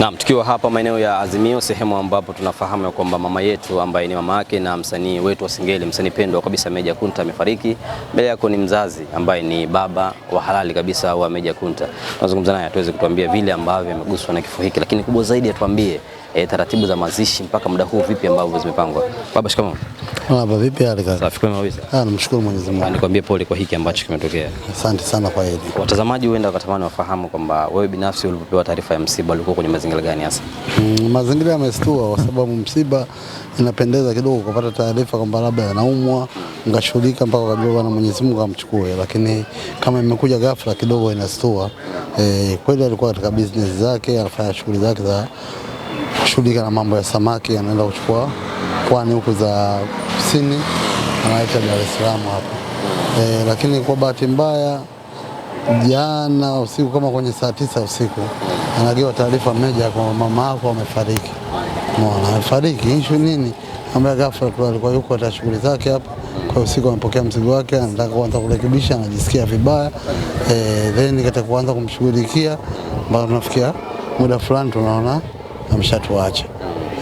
Naam, tukiwa hapa maeneo ya Azimio, sehemu ambapo tunafahamu ya kwamba mama yetu ambaye ni mama yake na msanii wetu wa Singeli, msanii pendwa kabisa Meja Kunta amefariki. Mbele yako ni mzazi ambaye ni baba wa halali kabisa wa Meja Kunta. Tunazungumza naye atuweze kutuambia vile ambavyo ameguswa na kifo hiki, lakini kubwa zaidi atuambie e, taratibu za mazishi mpaka muda huu vipi ambavyo zimepangwa? Baba, shikamoo. Baba, vipi hali kaka? Safi kabisa. Ah, namshukuru Mwenyezi Mungu. Nikwambie pole kwa hiki ambacho kimetokea. Asante sana kwa hili. Watazamaji huenda wakatamani wafahamu kwamba wewe binafsi ulipopewa taarifa ya msiba ulikuwa kwenye mazingira gani hasa? Mm, mazingira yamestua kwa sababu msiba inapendeza kidogo kupata taarifa kwamba labda anaumwa mkashughulika mpaka kabla Bwana Mwenyezi Mungu amchukue, lakini kama imekuja ghafla kidogo inastua. Eh, kweli alikuwa katika business zake, anafanya shughuli zake za kushughulika na mambo ya samaki, anaenda kuchukua pwani huku za kusini, anaita Dar es Salaam hapa mm. e, eh, lakini kwa bahati mbaya jana usiku kama kwenye saa tisa usiku mm. anagewa taarifa meja kwa mama yako amefariki. Mwana amefariki issue nini? Ambaye ghafla kwa alikuwa yuko katika shughuli zake hapa, kwa usiku amepokea mzigo wake, anataka kuanza kurekebisha, anajisikia vibaya eh, then katika kuanza kumshughulikia mpaka tunafikia muda fulani tunaona ameshatuacha.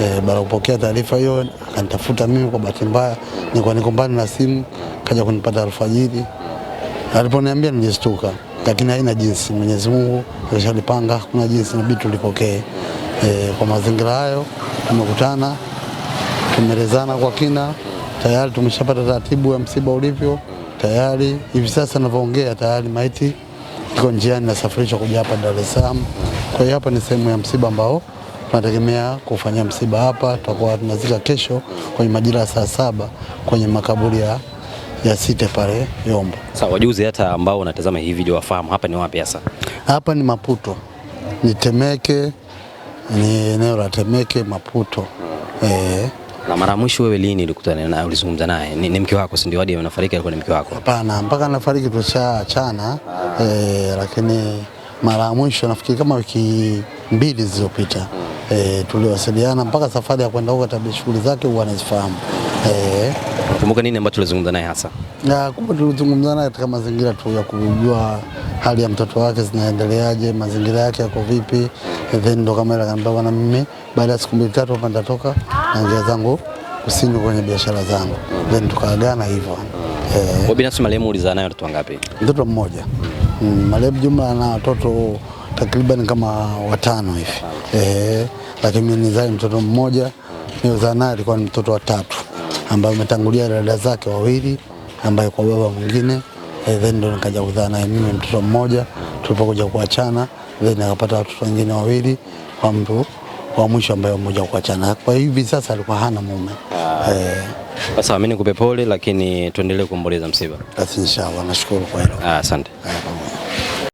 E, baada ya kupokea taarifa hiyo akanitafuta mimi. Kwa bahati mbaya nilikuwa niko mbali na simu, kaja kunipata alfajiri. Aliponiambia nilistuka, lakini haina jinsi, Mwenyezi Mungu alishalipanga, kuna jinsi, inabidi tulipokee. E, eh, kwa mazingira hayo tumekutana, tumelezana kwa kina, tayari tumeshapata taratibu ya msiba ulivyo. Tayari hivi sasa ninavyoongea, tayari maiti iko njiani, nasafirishwa kuja hapa Dar es Salaam. Kwa hiyo hapa ni sehemu ya msiba ambao tunategemea kufanya msiba hapa, tutakuwa tunazika kesho kwenye majira ya saa saba kwenye makaburi ya ya site pale Yombo. Sawa, wajuzi hata ambao wanatazama hii video wafahamu hapa ni wapi hasa? Hapa ni Maputo, ni Temeke, ni eneo la Temeke Maputo. Hmm. Eh. Na mara mwisho wewe lini ulikutana na ulizungumza naye? Ni, ni mke wako si ndio? Hadi anafariki alikuwa ni mke wako? Hapana, mpaka anafariki tushaachana. Hmm. Eh, lakini mara mwisho nafikiri kama wiki mbili zilizopita. Hmm e, tuliwasiliana mpaka safari ya kwenda huko, tabia shughuli zake huwa anazifahamu e. Eh. Kumbuka nini ambacho tulizungumza naye hasa? Kumbuka tulizungumza naye katika mazingira tu ya kujua hali ya mtoto wake zinaendeleaje, mazingira yake yako vipi, then ndo kama ile akaniambia, bwana, mimi baada ya siku mbili tatu hapa nitatoka na njia zangu kusini kwenye biashara zangu, then tukaagana hivyo. Eh. Kwa binafsi marehemu ulizaa naye watoto wangapi? Mtoto mmoja. Mm, marehemu jumla na watoto takriban kama watano hivi eh, lakini mimi nizali mtoto mmoja, niozaa naye alikuwa ni mtoto wa tatu ambaye umetangulia dada zake wawili ambaye kwa baba mwingine eh, then ndo nikaja kuzaa naye mimi mtoto mmoja. Tulipokuja kuachana, then akapata watoto wengine wawili kwa mtu wa mwisho ambaye mmoja kuachana. Kwa hivi sasa alikuwa hana mume ah. eh. Sasa mimi nikupe pole, lakini tuendelee kuomboleza msiba. Basi inshallah, nashukuru kwa hilo, ah, asante. Ah,